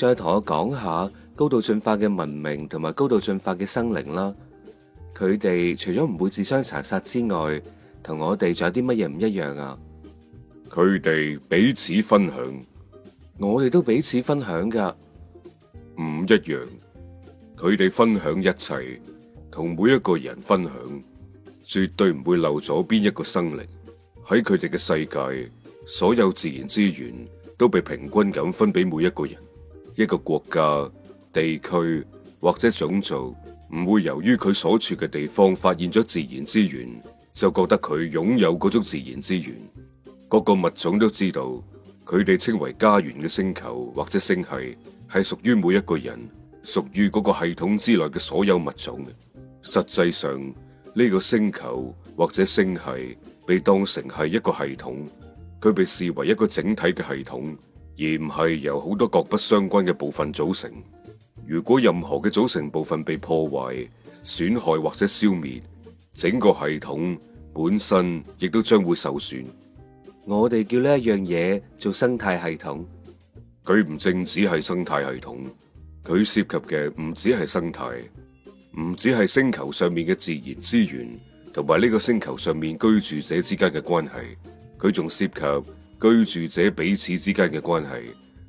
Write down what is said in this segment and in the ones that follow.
再同我講下高度進化嘅文明同埋高度進化嘅生靈啦，佢哋除咗唔會自相殘殺之外，同我哋仲有啲乜嘢唔一樣啊？佢哋彼此分享，我哋都彼此分享㗎，唔一樣。佢哋分享一切，同每一個人分享，絕對唔會漏咗邊一個生靈。喺佢哋嘅世界，所有自然資源都被平均咁分俾每一個人。一個國家、地區或者種族，唔會由於佢所處嘅地方發現咗自然資源，就覺得佢擁有嗰種自然資源。各個物種都知道，佢哋稱為家園嘅星球或者星系，係屬於每一個人，屬於嗰個系統之內嘅所有物種。實際上，呢個星球或者星系被當成係一個系統，佢被視為一個整體嘅系統。而唔係由好多各不相關嘅部分組成。如果任何嘅組成部分被破壞、損害或者消滅，整個系統本身亦都將會受損。我哋叫呢一樣嘢做生態系統。佢唔淨只係生態系統，佢涉及嘅唔止係生態，唔止係星球上面嘅自然資源，同埋呢個星球上面居住者之間嘅關係。佢仲涉及。居住者彼此之間嘅關係，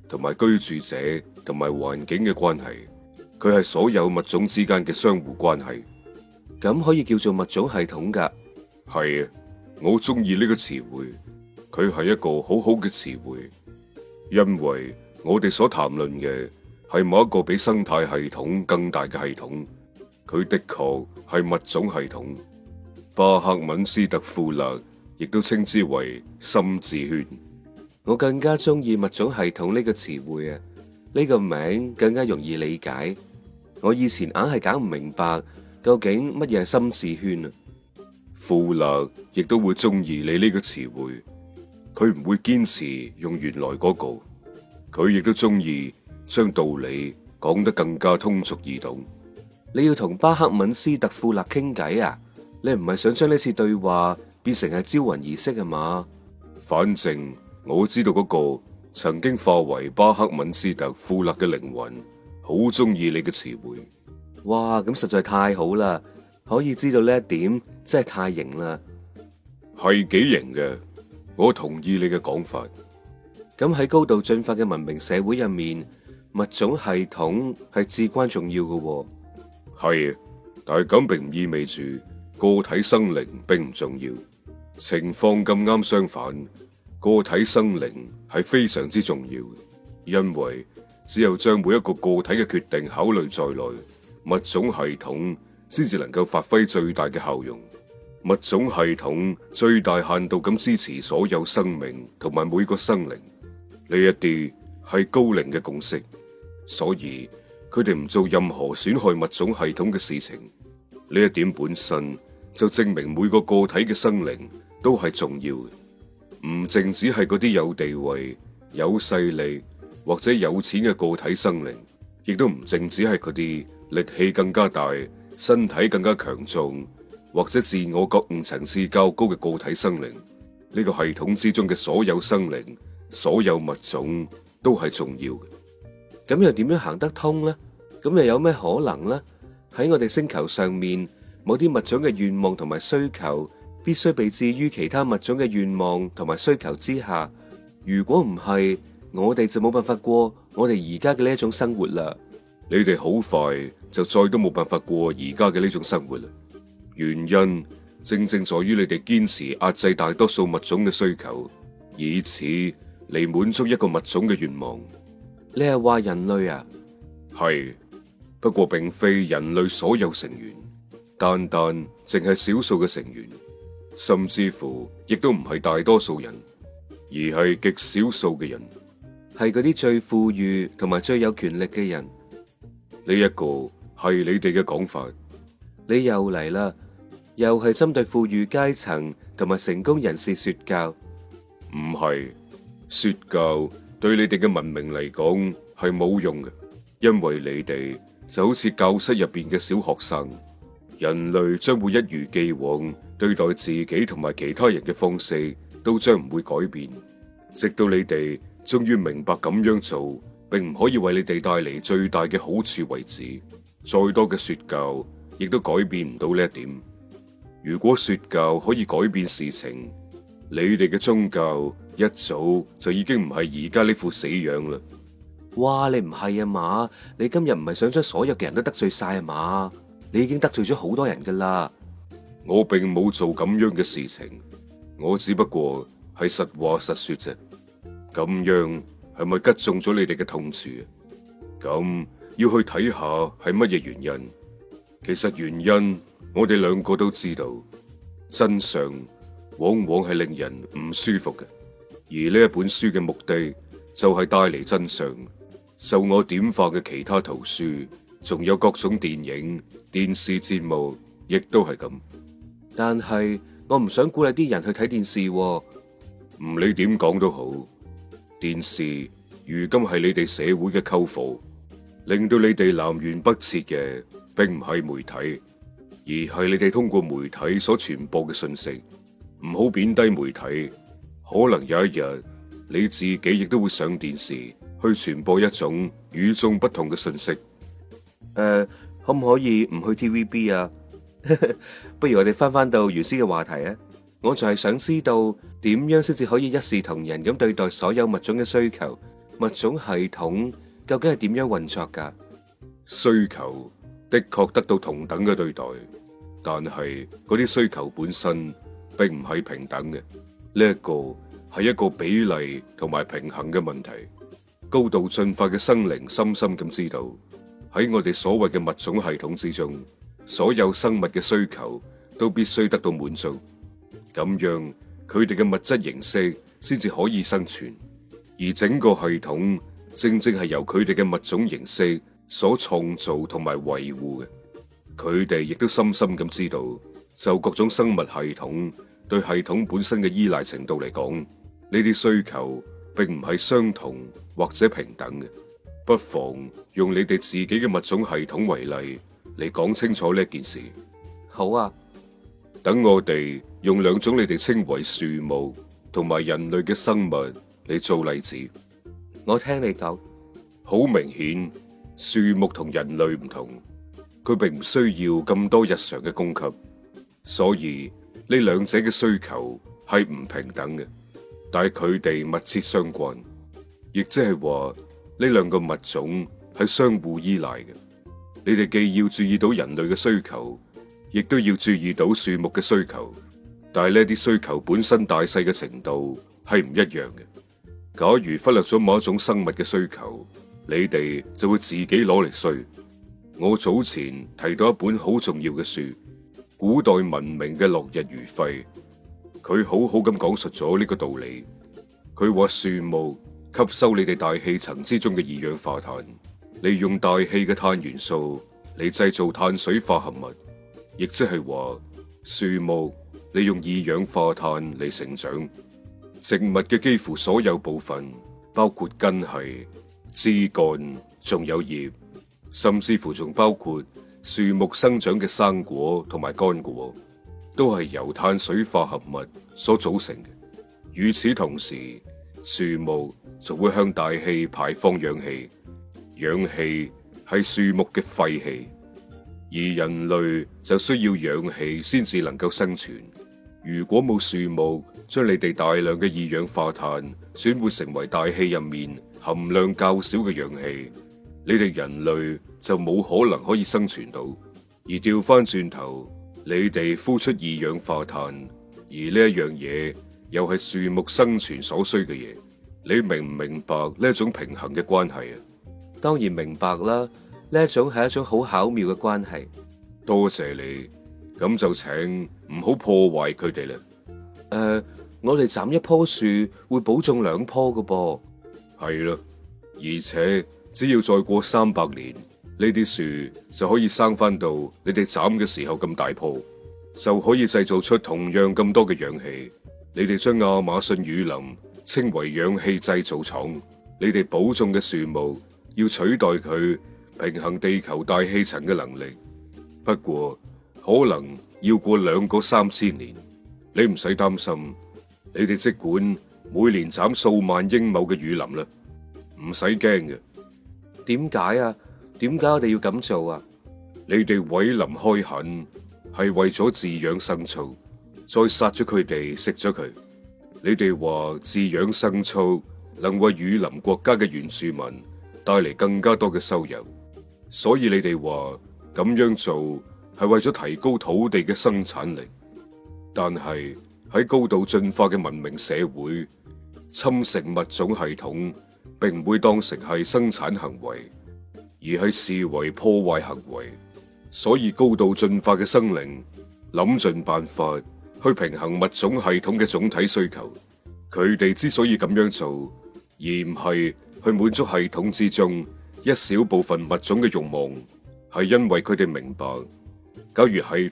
同埋居住者同埋環境嘅關係，佢係所有物種之間嘅相互關係。咁可以叫做物種系統噶？係啊，我中意呢個詞彙，佢係一個好好嘅詞彙，因為我哋所談論嘅係某一個比生態系統更大嘅系統，佢的確係物種系統。巴克敏斯特富勒。亦都稱之為心智圈，我更加中意物種系統呢個詞彙啊！呢、這個名更加容易理解。我以前硬係搞唔明白究竟乜嘢係心智圈啊！富勒亦都會中意你呢個詞彙，佢唔會堅持用原來嗰、那個，佢亦都中意將道理講得更加通俗易懂。你要同巴克敏斯特富勒傾偈啊？你唔係想將呢次對話？變成係招魂儀式係嘛？反正我知道嗰個曾經化為巴克敏斯特富勒嘅靈魂，好中意你嘅詞彙。哇，咁實在太好啦！可以知道呢一點真，真係太型啦。係幾型嘅，我同意你嘅講法。咁喺高度進化嘅文明社會入面，物種系統係至關重要嘅喎。係，但係咁並唔意味住個體生靈並唔重要。情況咁啱相反，個體生靈係非常之重要嘅，因為只有將每一個個體嘅決定考慮在內，物種系統先至能夠發揮最大嘅效用。物種系統最大限度咁支持所有生命同埋每個生靈，呢一啲係高靈嘅共識。所以佢哋唔做任何損害物種系統嘅事情，呢一點本身就證明每個個體嘅生靈都係重要嘅，唔淨只係嗰啲有地位、有勢力或者有錢嘅個體生靈，亦都唔淨只係嗰啲力氣更加大、身體更加強壯或者自我覺悟層次較高嘅個體生靈。呢個系統之中嘅所有生靈、所有物種都係重要嘅。咁又點樣行得通呢？咁又有咩可能呢？喺我哋星球上面，某啲物種嘅願望同埋需求，必須被置於其他物種嘅願望同埋需求之下。如果唔係，我哋就冇辦法過我哋而家嘅呢種生活啦。你哋好快就再都冇辦法過而家嘅呢種生活啦。原因正正在於你哋堅持壓制大多數物種嘅需求，以此嚟滿足一個物種嘅願望。你係話人類啊？係。不過並非人類所有成員，單單淨係少數嘅成員。甚至乎亦都唔係大多數人，而係極少數嘅人，係嗰啲最富裕同埋最有權力嘅人。呢一個係你哋嘅講法。你又嚟啦，又係針對富裕階層同埋成功人士說教。唔係說教，對你哋嘅文明嚟講係冇用嘅，因為你哋就好似教室入邊嘅小學生，人類將會一如既往，對待自己同埋其他人嘅方式都將唔會改變，直到你哋終於明白咁樣做並唔可以為你哋帶嚟最大嘅好處為止。再多嘅說教，亦都改變唔到呢一點。如果說教可以改變事情，你哋嘅宗教一早就已經唔係而家呢副死樣啦。哇！你唔係啊嘛？你今日唔係想將所有嘅人都得罪晒啊嘛？你已經得罪咗好多人噶啦。我並冇做咁樣嘅事情，我只不過係實話實說啫。咁樣係咪擊中咗你哋嘅痛處啊？咁要去睇下係乜嘢原因。其實原因我哋兩個都知道，真相往往係令人唔舒服嘅。而呢一本書嘅目的就係帶嚟真相。受我點化嘅其他圖書，仲有各種電影、電視節目，亦都係咁。但係我唔想鼓勵啲人去睇電視啊，唔理點講都好，電視如今係你哋社會嘅溝父，令到你哋南轅北轍嘅，並唔係媒體，而係你哋通過媒體所傳播嘅信息。唔好貶低媒體，可能有一日你自己亦都會上電視去傳播一種與眾不同嘅信息。誒、呃，可唔可以唔去 TVB 啊？不如我哋翻翻到原先嘅話題啊！我就係想知道點樣先至可以一視同仁咁對待所有物種嘅需求？物種系統究竟係點樣運作噶？需求的確得到同等嘅對待，但係嗰啲需求本身並唔係平等嘅。呢一個係一個比例同埋平衡嘅問題。高度進化嘅生靈深深咁知道，喺我哋所謂嘅物種系統之中。所有生物嘅需求都必須得到滿足，咁樣佢哋嘅物質形式先至可以生存，而整個系統正正係由佢哋嘅物種形式所創造同埋維護嘅。佢哋亦都深深咁知道，就各種生物系統對系統本身嘅依賴程度嚟講，呢啲需求並唔係相同或者平等嘅。不妨用你哋自己嘅物種系統為例，嚟講清楚呢件事，好啊。等我哋用兩種你哋稱為樹木同埋人類嘅生物嚟做例子。我聽你講，好明顯，樹木同人類唔同，佢並唔需要咁多日常嘅供給，所以呢兩者嘅需求係唔平等嘅，但係佢哋密切相關，亦即係話呢兩個物種係相互依賴嘅。你哋既要注意到人類嘅需求，亦都要注意到樹木嘅需求，但係呢啲需求本身大細嘅程度係唔一樣嘅。假如忽略咗某一種生物嘅需求，你哋就會自己攞嚟衰。我早前提到一本好重要嘅書《古代文明嘅落日餘暉》，佢好好咁講述咗呢個道理。佢話樹木吸收你哋大氣層之中嘅二氧化碳。利用大氣嘅碳元素嚟製造碳水化合物，亦即係話樹木利用二氧化碳嚟成長。植物嘅幾乎所有部分，包括根系、枝幹，仲有葉，甚至乎仲包括樹木生長嘅生果同埋乾果，都係由碳水化合物所組成嘅。與此同時，樹木就會向大氣排放氧氣。氧氣係樹木嘅廢氣，而人類就需要氧氣先至能夠生存。如果冇樹木將你哋大量嘅二氧化碳轉換成為大氣入面含量較少嘅氧氣，你哋人類就冇可能可以生存到。而調翻轉頭，你哋呼出二氧化碳，而呢一樣嘢又係樹木生存所需嘅嘢，你明唔明白呢一種平衡嘅關係啊？當然明白啦，呢一種係一種好巧妙嘅關係。多謝你，咁就請唔好破壞佢哋啦。誒、呃，我哋斬一棵樹會保種兩棵㗎噃。係啦，而且只要再過三百年，呢啲樹就可以生翻到你哋斬嘅時候咁大棵，就可以製造出同樣咁多嘅氧氣。你哋將亞馬遜雨林稱為氧氣製造廠，你哋保種嘅樹木，要取代佢平衡地球大氣層嘅能力，不過可能要過兩個三千年。你唔使擔心，你哋即管每年斬數萬英畝嘅雨林啦，唔使驚嘅。點解啊？點解我哋要咁做啊？你哋毀林開墾係為咗飼養牲畜，再殺咗佢哋食咗佢。你哋話飼養牲畜能為雨林國家嘅原住民帶嚟更加多嘅收入，所以你哋話咁樣做係為咗提高土地嘅生產力，但係喺高度進化嘅文明社會，侵蝕物種系統並唔會當成係生產行為，而係視為破壞行為。所以高度進化嘅生靈諗盡辦法去平衡物種系統嘅總體需求。佢哋之所以咁樣做，而唔係。去滿足系統之中，一小部分物種嘅慾望，係因為佢哋明白。Sess Sessant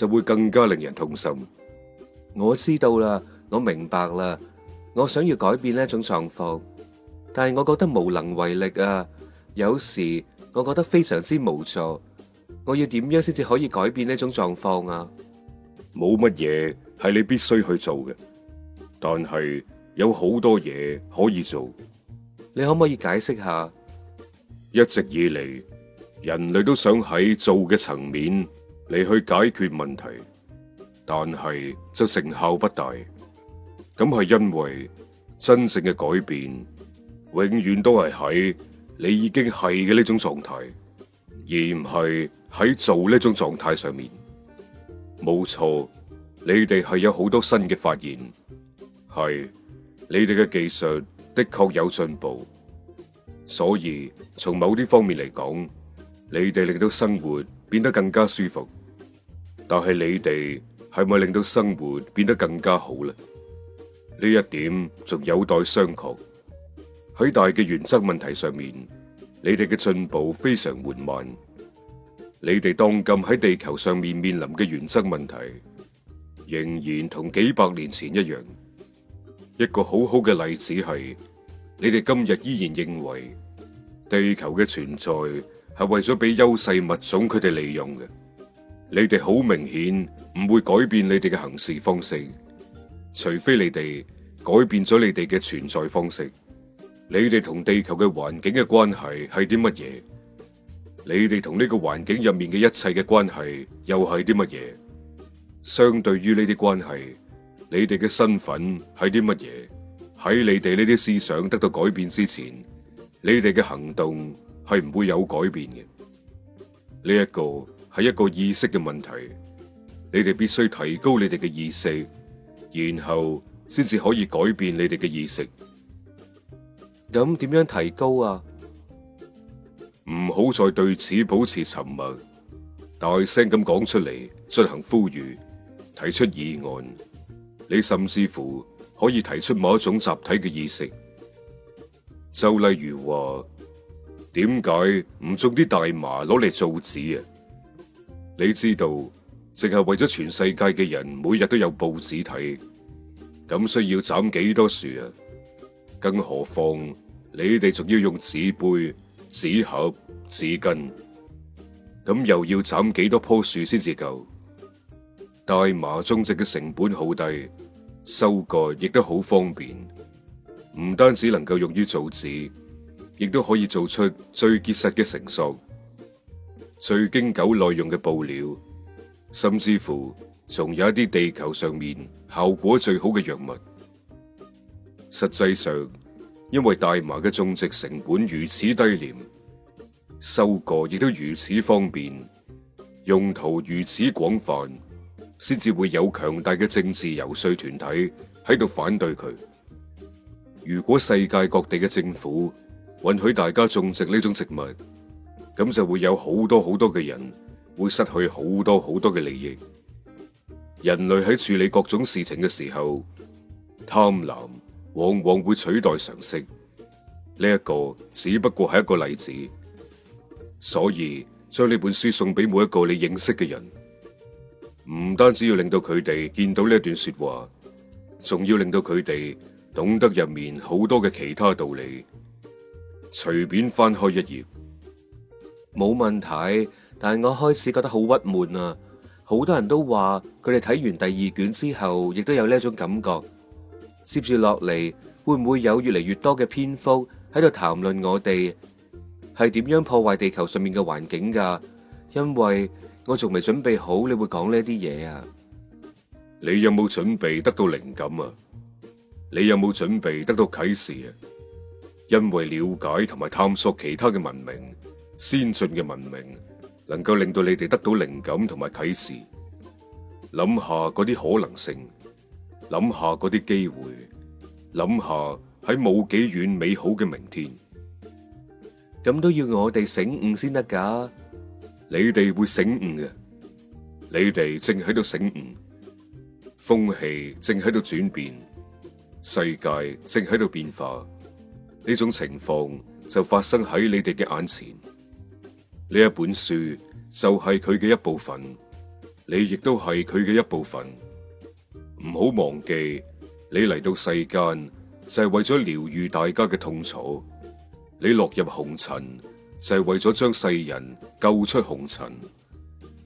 就會更加令人痛心。我知道啦，我明白啦，我想要改變呢種狀況，但係我覺得無能為力啊。有時我覺得非常之無助。我要點樣先至可以改變呢種狀況啊？冇乜嘢係你必須去做嘅，但係有好多嘢可以做。你可唔可以解釋下？一直以嚟，人類都想喺做嘅層面。你去解決問題，但係則成效不大。咁係因為真正嘅改變，永遠都係喺你已經係嘅呢種狀態，而唔係喺做呢種狀態上面。冇錯，你哋係有好多新嘅發現，係你哋嘅技術的確有進步，所以從某啲方面嚟講，你哋令到生活變得更加舒服。但係你哋係咪令到生活變得更加好咧？呢一點仲有待商榷。喺大嘅原則問題上面，你哋嘅進步非常緩慢。你哋當今喺地球上面面臨嘅原則問題，仍然同幾百年前一樣。一個好好嘅例子係，你哋今日依然認為地球嘅存在係為咗俾優勢物種佢哋利用嘅。你哋好明顯唔會改變你哋嘅行事方式，除非你哋改變咗你哋嘅存在方式。你哋同地球嘅環境嘅關係係啲乜嘢？你哋同呢個環境入面嘅一切嘅關係又係啲乜嘢？相對於呢啲關係，你哋嘅身份係啲乜嘢？喺你哋呢啲思想得到改變之前，你哋嘅行動係唔會有改變嘅。呢一個係一個意識嘅問題，你哋必須提高你哋嘅意識，然後先至可以改變你哋嘅意識。咁點樣提高啊？唔好再對此保持沉默，大聲咁講出嚟，進行呼籲，提出議案。你甚至乎可以提出某一種集體嘅意識，就例如話，點解唔種啲大麻攞嚟造紙啊？你知道，淨係為咗全世界嘅人每日都有報紙睇，咁需要斬幾多樹啊？更何況你哋仲要用紙杯、紙盒、紙巾，咁又要斬幾多棵樹先至夠？大麻種植嘅成本好低，收割亦都好方便，唔單止能夠用於造紙，亦都可以做出最結實嘅繩索。最經久耐用嘅布料，甚至乎仲有一啲地球上面效果最好嘅藥物。實際上，因為大麻嘅種植成本如此低廉，收割亦都如此方便，用途如此廣泛，先至會有強大嘅政治游說團體喺度反對佢。如果世界各地嘅政府允許大家種植呢種植物，咁就會有好多好多嘅人會失去好多好多嘅利益。人類喺處理各種事情嘅時候，貪婪往往會取代常識。呢一個只不過係一個例子，所以將呢本書送俾每一個你認識嘅人，唔單止要令到佢哋見到呢一段說話，仲要令到佢哋懂得入面好多嘅其他道理。隨便翻開一頁。冇問題，但係我開始覺得好鬱悶啊！好多人都話佢哋睇完第二卷之後，亦都有呢一種感覺。接住落嚟，會唔會有越嚟越多嘅篇幅喺度談論我哋係點樣破壞地球上面嘅環境㗎？因為我仲未準備好你會講呢啲嘢啊！你有冇準備得到靈感啊？你有冇準備得到啟示啊？因為了解同埋探索其他嘅文明。先進嘅文明能夠令到你哋得到靈感同埋啟示，諗下嗰啲可能性，諗下嗰啲機會，諗下喺冇幾遠美好嘅明天，咁都要我哋醒悟先得噶。你哋會醒悟嘅，你哋正喺度醒悟，風氣正喺度轉變，世界正喺度變化，呢種情況就發生喺你哋嘅眼前。呢一本書就係佢嘅一部分，你亦都係佢嘅一部分。唔好忘記，你嚟到世間就係為咗療愈大家嘅痛楚。你落入紅塵就係為咗將世人救出紅塵。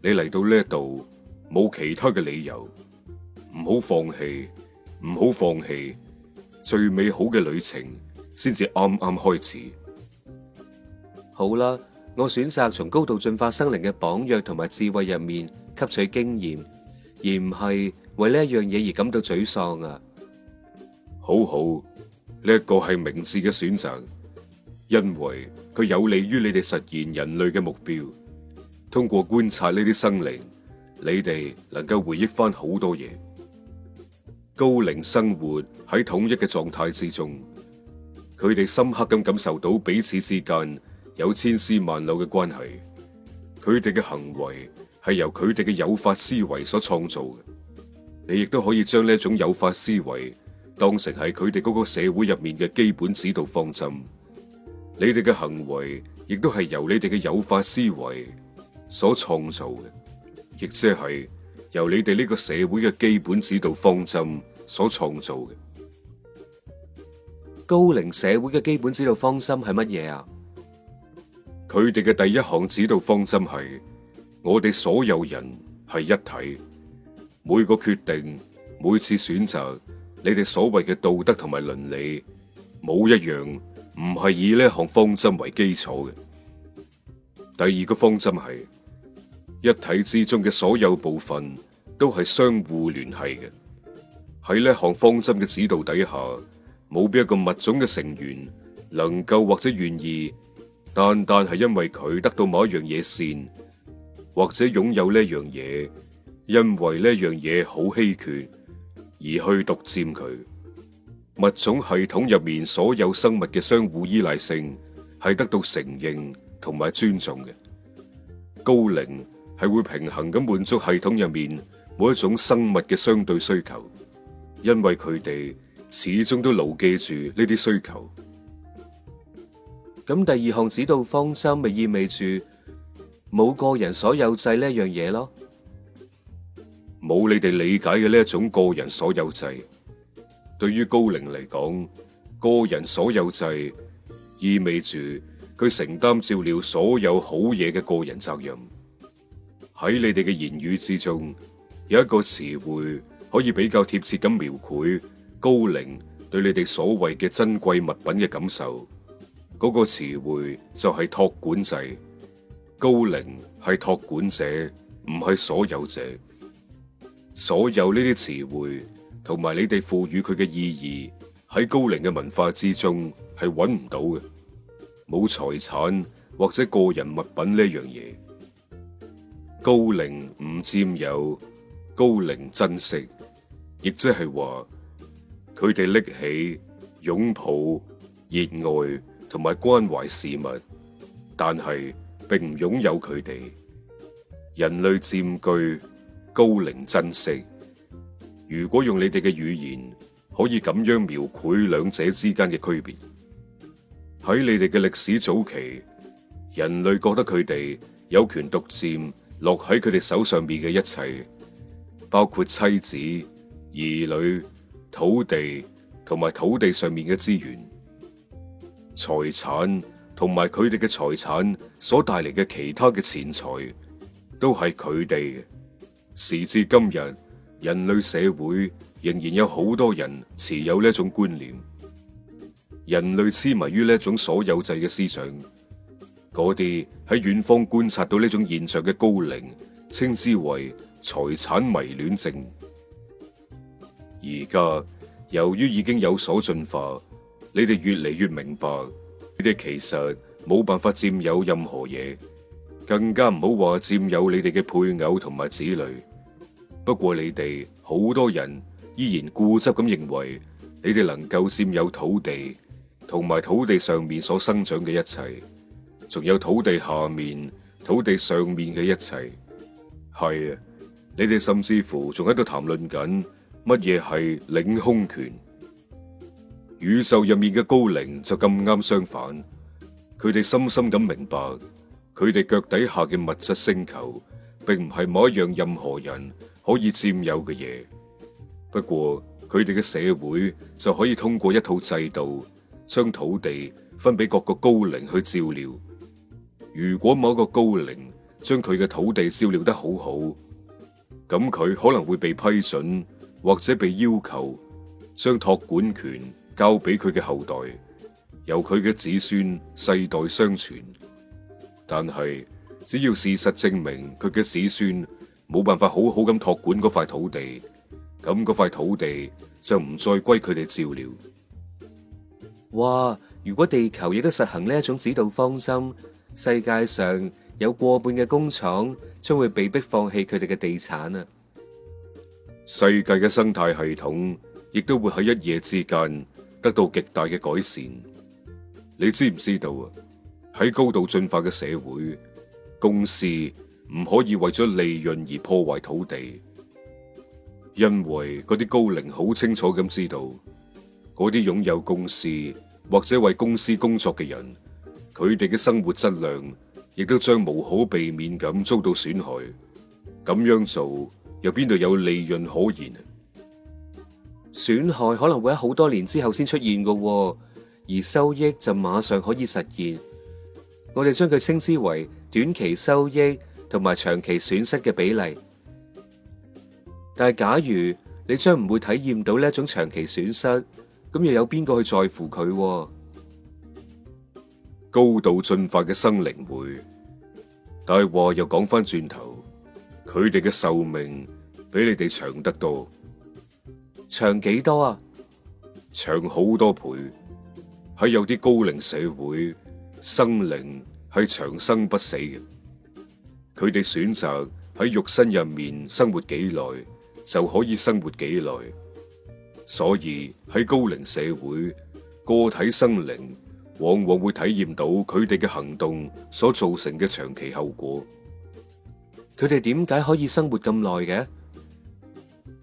你嚟到呢一度冇其他嘅理由。唔好放棄，唔好放棄。最美好嘅旅程先至啱啱開始。好啦。我選擇從高度進化生靈嘅榜樣同埋智慧入面吸取經驗，而唔係為呢一樣嘢而感到沮喪啊！好好，呢一個係明智嘅選擇，因為佢有利於你哋實現人類嘅目標。通過觀察呢啲生靈，你哋能夠回憶翻好多嘢。高靈生活喺統一嘅狀態之中，佢哋深刻咁感受到彼此之間。有千絲萬縷嘅關係，佢哋嘅行為係由佢哋嘅有法思維所創造嘅。你亦都可以將呢一種有法思維當成係佢哋嗰個社會入面嘅基本指導方針。你哋嘅行為亦都係由你哋嘅有法思維所創造嘅，亦即係由你哋呢個社會嘅基本指導方針所創造嘅。高齡社會嘅基本指導方針係乜嘢啊？佢哋嘅第一項指導方針係：我哋所有人係一體，每個決定、每次選擇，你哋所謂嘅道德同埋倫理，冇一樣唔係以呢項方針為基礎嘅。第二個方針係：一體之中嘅所有部分都係相互聯繫嘅。喺呢項方針嘅指導底下，冇邊一個物種嘅成員能夠或者願意。單單係因為佢得到某一樣嘢先，或者擁有呢樣嘢，因為呢樣嘢好稀缺而去獨占佢。物種系統入面所有生物嘅相互依賴性係得到承認同埋尊重嘅。高齡係會平衡咁滿足系統入面每一種生物嘅相對需求，因為佢哋始終都牢記住呢啲需求。咁第二項指導方針，咪意味住冇個人所有制呢一樣嘢咯？冇你哋理解嘅呢一種個人所有制，對於高靈嚟講，個人所有制意味住佢承擔照料所有好嘢嘅個人責任。喺你哋嘅言語之中，有一個詞彙可以比較貼切咁描繪高靈對你哋所謂嘅珍貴物品嘅感受。嗰個詞彙就係托管制，高靈係托管者，唔係所有者。所有呢啲詞彙同埋你哋賦予佢嘅意義喺高靈嘅文化之中係揾唔到嘅，冇財產或者個人物品呢樣嘢。高靈唔佔有，高靈珍惜，亦即係話佢哋拎起擁抱熱愛。同埋關懷事物，但係並唔擁有佢哋。人類佔據，高靈珍惜。如果用你哋嘅語言可以咁樣描繪兩者之間嘅區別，喺你哋嘅歷史早期，人類覺得佢哋有權獨佔落喺佢哋手上面嘅一切，包括妻子、兒女、土地同埋土地上面嘅資源。財產同埋佢哋嘅財產所帶嚟嘅其他嘅錢財，都係佢哋嘅。時至今日，人類社會仍然有好多人持有呢一種觀念，人類痴迷於呢一種所有制嘅思想。嗰啲喺遠方觀察到呢種現象嘅高靈，稱之為財產迷戀症。而家由於已經有所進化。你哋越嚟越明白，你哋其實冇辦法佔有任何嘢，更加唔好話佔有你哋嘅配偶同埋子女。不過你哋好多人依然固執咁認為，你哋能夠佔有土地同埋土地上面所生長嘅一切，仲有土地下面、土地上面嘅一切。係啊，你哋甚至乎仲喺度談論緊乜嘢係領空權。宇宙入面嘅高靈就咁啱相反，佢哋深深咁明白，佢哋腳底下嘅物質星球並唔係某一樣任何人可以佔有嘅嘢。不過佢哋嘅社會就可以通過一套制度，將土地分俾各個高靈去照料。如果某一個高靈將佢嘅土地照料得好好，咁佢可能會被批准或者被要求將託管權。交俾佢嘅後代，由佢嘅子孫世代相傳。但係，只要事實證明佢嘅子孫冇辦法好好咁託管嗰塊土地，咁嗰塊土地就唔再歸佢哋照料。哇！如果地球亦都實行呢一種指導方針，世界上有過半嘅工廠將會被迫放棄佢哋嘅地產啊！世界嘅生態系統亦都會喺一夜之間得到極大嘅改善，你知唔知道啊？喺高度進化嘅社會，公司唔可以為咗利潤而破壞土地，因為嗰啲高齡好清楚咁知道，嗰啲擁有公司或者為公司工作嘅人，佢哋嘅生活質量亦都將無可避免咁遭到損害。咁樣做又邊度有利潤可言啊？損害可能會喺好多年之後先出現嘅喎，而收益就馬上可以實現。我哋將佢稱之為短期收益同埋長期損失嘅比例。但係假如你將唔會體驗到呢一種長期損失，咁又有邊個去在乎佢喎？高度進化嘅生靈會，但係話又講翻轉頭，佢哋嘅壽命比你哋長得多。長幾多啊？長好多倍。喺有啲高齡社會，生靈係長生不死嘅。佢哋選擇喺肉身入面生活幾耐，就可以生活幾耐。所以喺高齡社會，個體生靈往往會體驗到佢哋嘅行動所造成嘅長期後果。佢哋點解可以生活咁耐嘅？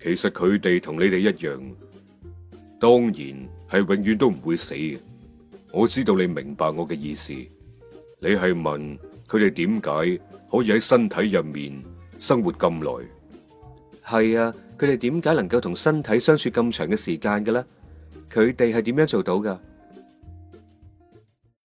其實佢哋同你哋一樣，當然係永遠都唔會死嘅。我知道你明白我嘅意思，你係問佢哋點解可以喺身體入面生活咁耐？係啊，佢哋點解能夠同身體相處咁長嘅時間嘅咧？佢哋係點樣做到噶？